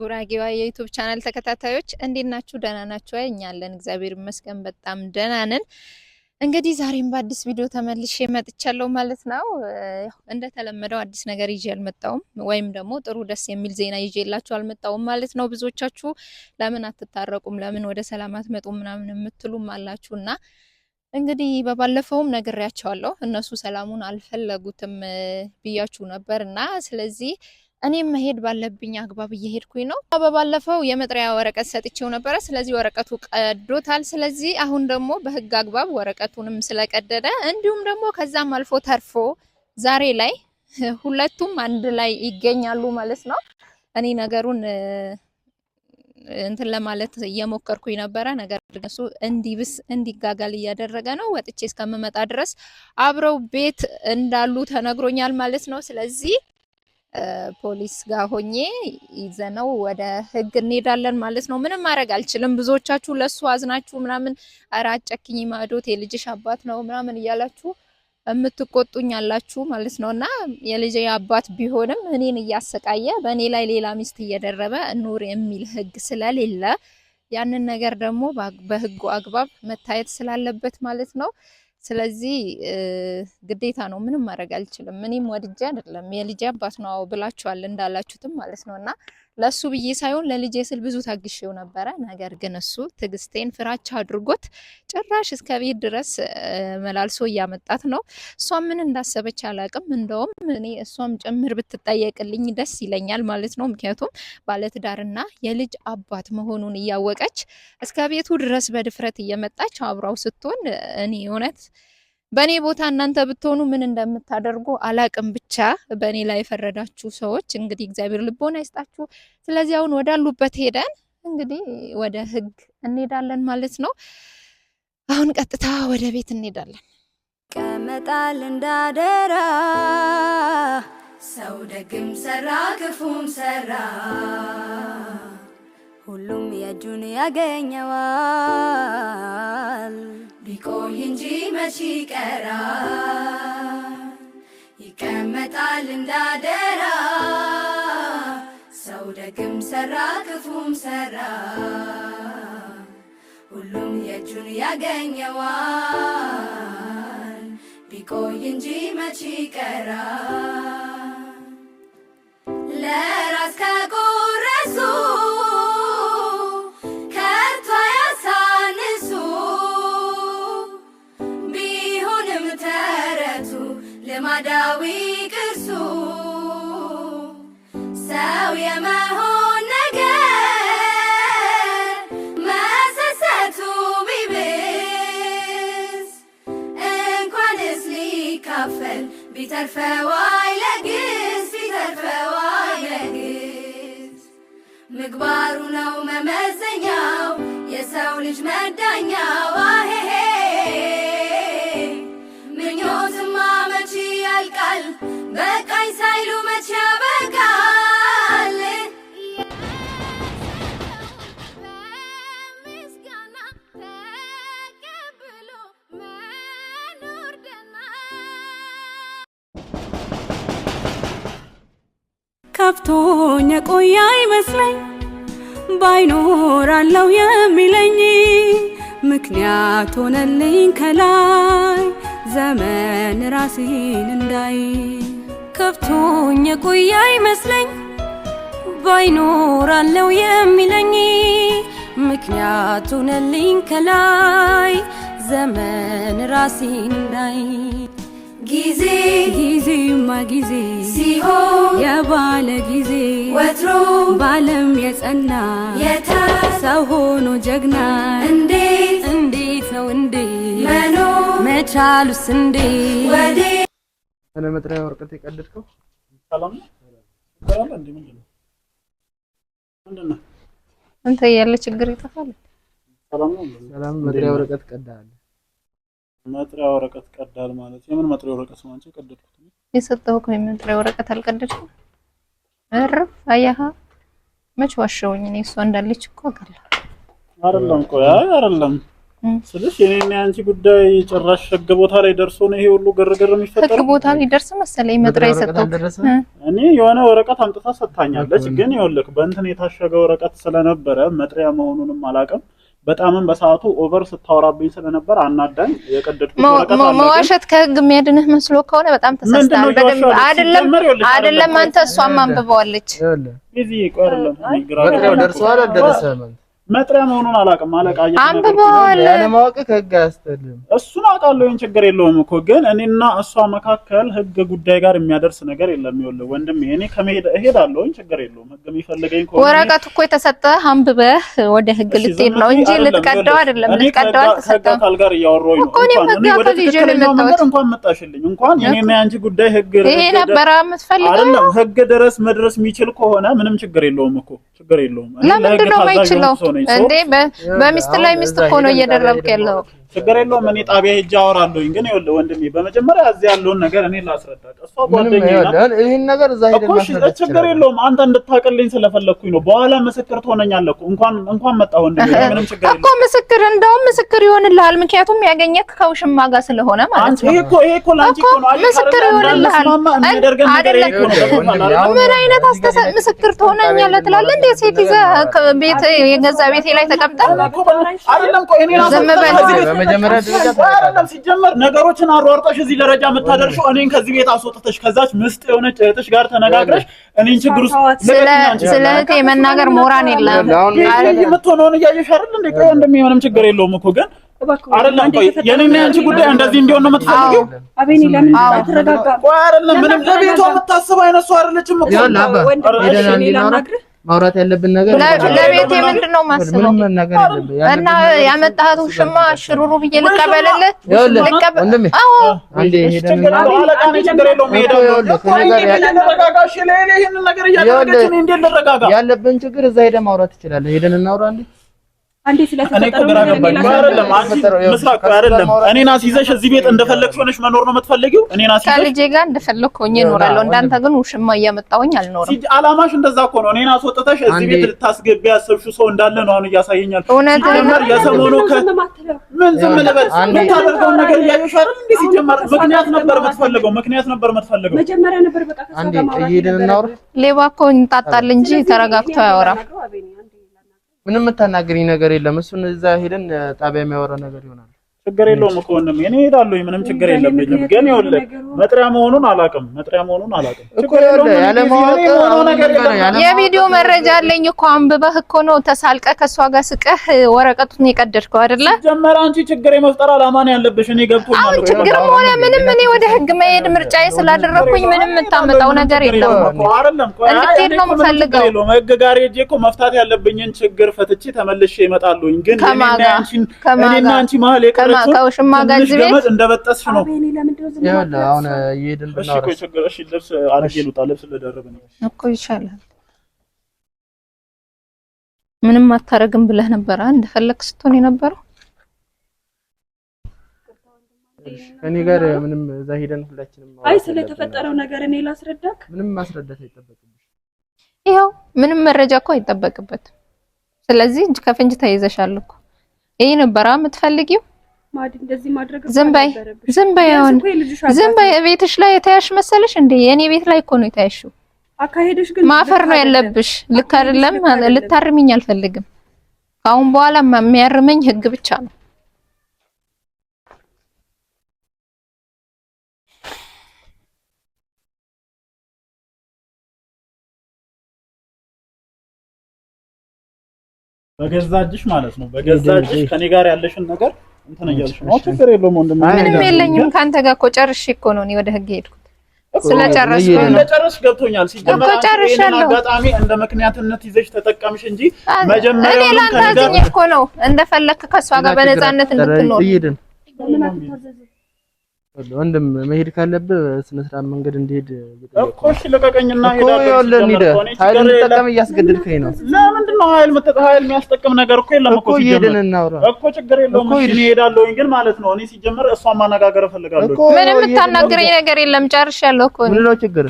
ጉራጌዋ የዩቱብ ቻናል ተከታታዮች እንዴት ናችሁ? ደህና ናችሁ? እኛለን እግዚአብሔር ይመስገን በጣም ደህና ነን። እንግዲህ ዛሬም በአዲስ ቪዲዮ ተመልሼ መጥቻለሁ ማለት ነው። እንደተለመደው አዲስ ነገር ይዤ አልመጣውም፣ ወይም ደግሞ ጥሩ ደስ የሚል ዜና ይዤላችሁ አልመጣውም ማለት ነው። ብዙዎቻችሁ ለምን አትታረቁም፣ ለምን ወደ ሰላም አትመጡም ምናምን የምትሉም አላችሁ እና እንግዲህ በባለፈውም ነግሬያቸዋለሁ እነሱ ሰላሙን አልፈለጉትም ብያችሁ ነበር እና ስለዚህ እኔም መሄድ ባለብኝ አግባብ እየሄድኩኝ ነው። በባለፈው የመጥሪያ ወረቀት ሰጥቼው ነበረ። ስለዚህ ወረቀቱ ቀዶታል። ስለዚህ አሁን ደግሞ በህግ አግባብ ወረቀቱንም ስለቀደደ እንዲሁም ደግሞ ከዛም አልፎ ተርፎ ዛሬ ላይ ሁለቱም አንድ ላይ ይገኛሉ ማለት ነው። እኔ ነገሩን እንትን ለማለት እየሞከርኩኝ ነበረ። ነገር እሱ እንዲብስ እንዲጋጋል እያደረገ ነው። ወጥቼ እስከምመጣ ድረስ አብረው ቤት እንዳሉ ተነግሮኛል ማለት ነው። ስለዚህ ፖሊስ ጋር ሆኜ ይዘነው ወደ ህግ እንሄዳለን ማለት ነው። ምንም ማድረግ አልችልም። ብዙዎቻችሁ ለሱ አዝናችሁ ምናምን ኧረ አጨክኝ ማዶት የልጅሽ አባት ነው ምናምን እያላችሁ የምትቆጡኝ አላችሁ ማለት ነው። እና የልጅ አባት ቢሆንም እኔን እያሰቃየ በእኔ ላይ ሌላ ሚስት እየደረበ ኑር የሚል ህግ ስለሌለ ያንን ነገር ደግሞ በህጉ አግባብ መታየት ስላለበት ማለት ነው ስለዚህ ግዴታ ነው፣ ምንም ማድረግ አልችልም። እኔም ወድጄ አይደለም የልጄ አባት ነው ብላችኋል እንዳላችሁትም ማለት ነው እና ለሱ ብዬ ሳይሆን ለልጄ ስል ብዙ ታግሼው ነበረ። ነገር ግን እሱ ትግስቴን ፍራቻ አድርጎት ጭራሽ እስከ ቤት ድረስ መላልሶ እያመጣት ነው። እሷም ምን እንዳሰበች አላቅም። እንደውም እኔ እሷም ጭምር ብትጠየቅልኝ ደስ ይለኛል ማለት ነው። ምክንያቱም ባለትዳርና የልጅ አባት መሆኑን እያወቀች እስከ ቤቱ ድረስ በድፍረት እየመጣች አብራው ስትሆን እኔ እውነት በእኔ ቦታ እናንተ ብትሆኑ ምን እንደምታደርጉ አላቅም። ብቻ በእኔ ላይ የፈረዳችሁ ሰዎች እንግዲህ እግዚአብሔር ልቦና አይስጣችሁ። ስለዚህ አሁን ወዳሉበት ሄደን እንግዲህ ወደ ህግ እንሄዳለን ማለት ነው። አሁን ቀጥታ ወደ ቤት እንሄዳለን። ቀመጣል እንዳደራ ሰው ደግም ሰራ ክፉም ሰራ ሁሉም የእጁን ያገኘዋል። ቢቆይ እንጂ መች ይቀራ ይቀመጣል እንዳደራ ሰው ደግም ሰራ ክፉም ሰራ ሁሉም የእጁን ያገኘዋል ቢቆይ እንጂ መች ቀራ ለራስ ቢካፈል ቢተርፈዋይ ለግስ ቢተርፈዋይ ለግስ ምግባሩ ነው መመዘኛው የሰው ልጅ መዳኛው አሄሄ ምኞትማ መቼ ያልቃል በቃኝ ሳይሉ መቼ ጠፍቶኝ የቆየ አይመስለኝ አለው የሚለኝ ምክንያት ሆነልኝ ከላይ ዘመን ራሴን እንዳይ ከፍቶኝ የቆየ አይመስለኝ አለው የሚለኝ ምክንያት ሆነልኝ ከላይ ዘመን ራሴን እንዳይ ጊዜ ጊዜማ ጊዜ ሲሆን የባለ ጊዜ ወትሮ ባለም የጸና የተሰው ሆኖ ጀግና እንዴት እንዴት ነው እንዴ መኖር መቻሉስ እንዴት ወዴ መጥሪያ ወረቀት የቀደድከው ሰላም ነው። አንተ ያለ ችግር ይጠፋል። ሰላም መጥሪያ ወረቀት ቀዳለ መጥሪያ ወረቀት ቀዳል ማለት የምን መጥሪያ ወረቀት ነው? አንቺ ቀደድኩት የሰጠሁህ ነው። የመጥሪያ ወረቀት አልቀደድኩም። እር አያሃ መች ዋሸውኝ እኔ እሷ እንዳለች እኮ አውቃለሁ። አይደለም እኮ አይ አይደለም ስልሽ የኔና የአንቺ ጉዳይ ጭራሽ ህግ ቦታ ላይ ደርሶ ነው ይሄ ሁሉ ግርግር የሚፈጠረው። ህግ ቦታ ላይ ደርስ መሰለኝ መጥሪያ የሰጠሁት እኔ የሆነ ወረቀት አምጥታ ሰጥታኛለች። ግን ይኸውልህ በእንትን የታሸገ ወረቀት ስለነበረ መጥሪያ መሆኑንም አላውቅም። በጣምም በሰዓቱ ኦቨር ስታወራብኝ ስለነበር አናዳኝ። የቀደድኩት መዋሸት ከህግ የሚያድንህ መስሎ ከሆነ በጣም ተሳስተሃል። በደንብ አይደለም አይደለም። አንተ እሷም አንብበዋለች። ይዚ ቆርለም ግራ ደርሰዋል። አልደረሰህም መጥሪያ መሆኑን አላውቅም። አለቃ አንብበዋል። ያለማወቅ ከህግ አያስጥልም። እሱን አውቃለሁ። ይህን ችግር የለውም እኮ ግን እኔና እሷ መካከል ህግ ጉዳይ ጋር የሚያደርስ ነገር የለም። ይኸውልህ ወንድሜ እኔ ከመሄድ እሄዳለሁ። ችግር የለውም። ህግ የሚፈልገኝ ከሆነ ወረቀቱ እኮ የተሰጠህ አንብበህ ወደ ህግ ልትሄድ ነው እንጂ ልትቀደው አይደለም። ልትቀደው አልተሰጠህም። ከህግ ጋር እያወራሁኝ ነው። እኮ ነው ህግ ያፈል ይጀለ መጣው እንኳን መጣሽልኝ። እንኳን እኔና አንቺ ጉዳይ ህግ ይሄ ነበር የምትፈልገው አይደለም። ህግ ድረስ መድረስ የሚችል ከሆነ ምንም ችግር የለውም እኮ ችግር የለውም። ለምንድን ነው የማይችለው? እንዴ በሚስት ላይ ሚስት እኮ ነው እየደረብክ ያለው። ችግር የለውም። እኔ ጣቢያ ሄጄ አወራለሁኝ። ግን ይኸውልህ ወንድሜ በመጀመሪያ እዚህ ያለውን ነገር እኔ ላስረዳህ። እሷ ይሄን ነገር እዛ ችግር የለውም። አንተ እንድታውቅልኝ ስለፈለኩኝ ነው። በኋላ ምስክር ትሆነኛለህ እኮ። እንኳን እንኳን መጣ ወንድሜ፣ ምንም ችግር የለውም እኮ ምስክር፣ እንደውም ምስክር ይሆንልሃል። ምክንያቱም ያገኘህ ከውሽማ ጋር ስለሆነ ማለት ነው። እኮ እኮ ላንቺ ምስክር ይሆንልሃል። ነገር እኮ ነው። ምን አይነት አስተሳ ትሆነኛለህ ትላለህ እንዴ? ሴት ይዘህ ቤት የገዛ ቤቴ ላይ ተቀምጠህ አይደለም እኮ እኔ በመጀመሪያ ደረጃ ሲጀመር ነገሮችን አሯርጠሽ እዚህ ደረጃ የምታደርሽው እኔን ከዚህ ቤት አስወጥተሽ ከዛች ምስጥ የሆነች እህትሽ ጋር ተነጋግረሽ እኔን ችግር ውስጥ ስለ እህቴ የመናገር ሞራን የለም። የምትሆነውን እያየሽ አይደል እንዴ? ቆይ ወንድሜ ምንም ችግር የለውም እኮ ግን አይደለም ቆይ፣ የኔና ያንቺ ጉዳይ እንደዚህ እንዲሆን ነው የምትፈልጊው? አቤኔ ለምን አትረጋጋም? ቆይ አይደለም ምንም ለቤቷ የምታስብ አይነት ሰው አይደለችም እኮ ማውራት ያለብን ነገር ለቤት ምንድን ነው ማስበው እና ያመጣሁት ውሽማ ሽሩሩ ብዬ ልቀበልልህ? ያለብን ችግር እዛ ሄደን ማውራት ትችላለህ። ሄደን እናውራ። እኔን አስይዘሽ እዚህ ቤት እንደፈለግሽ ሆነሽ መኖር ነው የምትፈልጊው? እኔን አስይዘሽ ከልጄ ጋር እንደፈለግሽ ሆኜ እኖራለሁ። እንዳንተ ግን ውሽማ እያመጣሁኝ አልኖርም። አላማሽ እንደዛ እኮ ነው። እኔን አስወጥተሽ እዚህ ቤት ልታስገቢ ያሰብሽው ሰው እንዳለ ነው አሁን እያሳየኛል። የሰሞኑ ምን ዝም ልበል? የምታደርገውን ነገር እያየሽ አይደል? እንደ ሲጀመር ምክንያት ነበር የምትፈልገው፣ ምክንያት ነበር የምትፈልገው። ሌባ እኮ እንጣጣል እንጂ ተረጋግቶ አያወራም። ምንም የምታናግሪኝ ነገር የለም። እሱን እዛ ሄደን ጣቢያ የሚያወራ ነገር ይሆናል። ችግር የለውም እኮ ወንድም፣ እኔ እሄዳለሁ፣ ምንም ችግር የለብኝም። ግን ይኸውልህ መጥሪያ መሆኑን አላውቅም፣ መጥሪያ መሆኑን አላውቅም። የቪዲዮ መረጃ አለኝ እኮ አንብበህ እኮ ነው ተሳልቀ ከእሷ ጋር ስቀህ ወረቀቱን የቀደድከው አይደለ? ጀመረ አንቺ ችግር የመፍጠር አላማን ያለብሽ እኔ ገብቶኛል። አሁን ችግርም ሆነ ምንም እኔ ወደ ህግ መሄድ ምርጫዬ ስላደረኩኝ ምንም የምታመጣው ነገር የለም እኮ የለውም። እንድትሄድ ነው የምፈልገው። ህግ ጋር ሂጅ እኮ መፍታት ያለብኝን ችግር ፈትቼ ተመልሼ እመጣለሁ። ግን እኔና አንቺ መሀል የቀረ ከውሽማ ጋር ይሻላል። ምንም አታረግም ብለህ ነበር እንደፈለግ ስትሆን የነበረው። እኔ ጋር ምንም እዛ ሄደን ሁላችንም አይ ስለተፈጠረው ነገር እኔ ላስረዳክ። ምንም ማስረዳት ይኸው ምንም መረጃ እኮ አይጠበቅበትም። ስለዚህ እጅ ከፍንጅ ተይዘሻል እኮ። ይሄ ነበር የምትፈልጊው? ዝም በይ ዝም በይ አሁን ዝም በይ። ቤትሽ ላይ የታያሽ መሰለሽ እንዴ? የእኔ ቤት ላይ እኮ ነው የታያሽው። ማፈር ነው ያለብሽ። ልክ አይደለም። አልፈልግም። ከአሁን በኋላ የሚያርመኝ ህግ ብቻ ነው። በገዛ እጅሽ ማለት ነው። በገዛ እጅሽ ከኔ ጋር ያለሽን ነገር እንትን ችግር የለውም ወንድም፣ ምንም የለኝም። ከአንተ ጋር እኮ ጨርሼ እኮ ነው እኔ ወደ ህግ ስለጨረስኩ ገብቶኛል። ሲጀመር አጋጣሚ እንደ ምክንያትነት ይዘሽ ተጠቀምሽ እንጂ መጀመሪያ እኔ ላንተ አዝኜ እኮ ነው እንደፈለክ ከእሷ ጋር በነፃነት እንድትኖር ወንድም መሄድ ካለብህ ስነ ስርዓት መንገድ እንድሄድ እኮ እሺ፣ ልቀቀኝና ኃይል እንጠቀም እያስገደድከኝ ነው። ለምንድን ነው ኃይል ኃይል የሚያስጠቅም ነገር እኮ የለም እኮ እየሄድን እናውራ እኮ ችግር የለውም እሺ፣ እሄዳለሁኝ ግን ማለት ነው። እኔ ሲጀመር እሷን ማነጋገር እፈልጋለሁ። ምንም የምታናግረኝ ነገር የለም። ጨርሻለሁ እኮ ምንድን ነው ችግር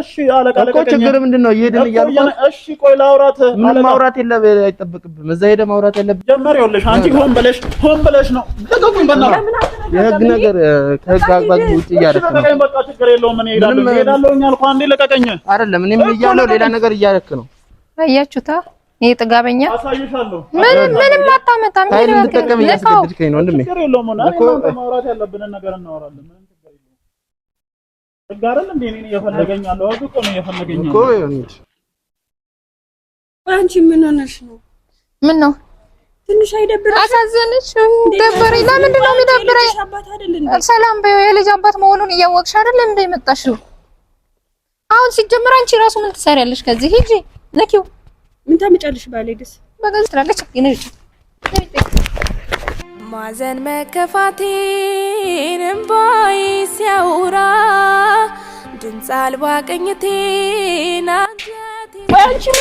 እሺ አለቃ እኮ ችግር ምንድን ነው? እየሄድን እያልኩ እሺ ቆይ ላውራት። ምን ማውራት የለም አይጠበቅብም። እዛ ሄደህ ማውራት የለብህም። ጀመር ይኸውልሽ፣ አንቺ ሆን ብለሽ ሆን ብለሽ ነው። ልቀቁኝ፣ በእናትህ የህግ ነገር ከህግ አግባብ ውጪ እያደረክ ነው። በቃ ችግር የለውም። እኔ እሄዳለሁ እሄዳለሁኝ አልኩህ አንዴ፣ ለቀቀኝ። አይደለም እኔ ምን እያለሁ ሌላ ነገር እያደረክ ነው። አያችሁታ ይሄ ጥጋበኛ ምንም ምንም አታመጣም። ነው ልቀው፣ ችግር የለውም። እኮ ማውራት ያለብንን ነገር እናወራለን። አንቺ ምን ሆነሽ ነው? ምን ነው ትንሽ አይደብረሽ? አሳዘንሽ? ደበረኝ። ለምንድን ነው የሚደብረኝ? ሰላም በይው። የልጅ አባት መሆኑን እያወቅሽ አይደል እንዴ የመጣሽው? አሁን ሲጀምር አንቺ ራሱ ምን ትሰሪያለሽ? ከዚህ ሂጂ ነኪው። ምን ታመጫለሽ? ባሌ ደስ በቃ ትላለች። ማዘን መከፋቴን እምባዬ ሲያውራ ድምፅ አልባ ቅኝቴን አንጀቴ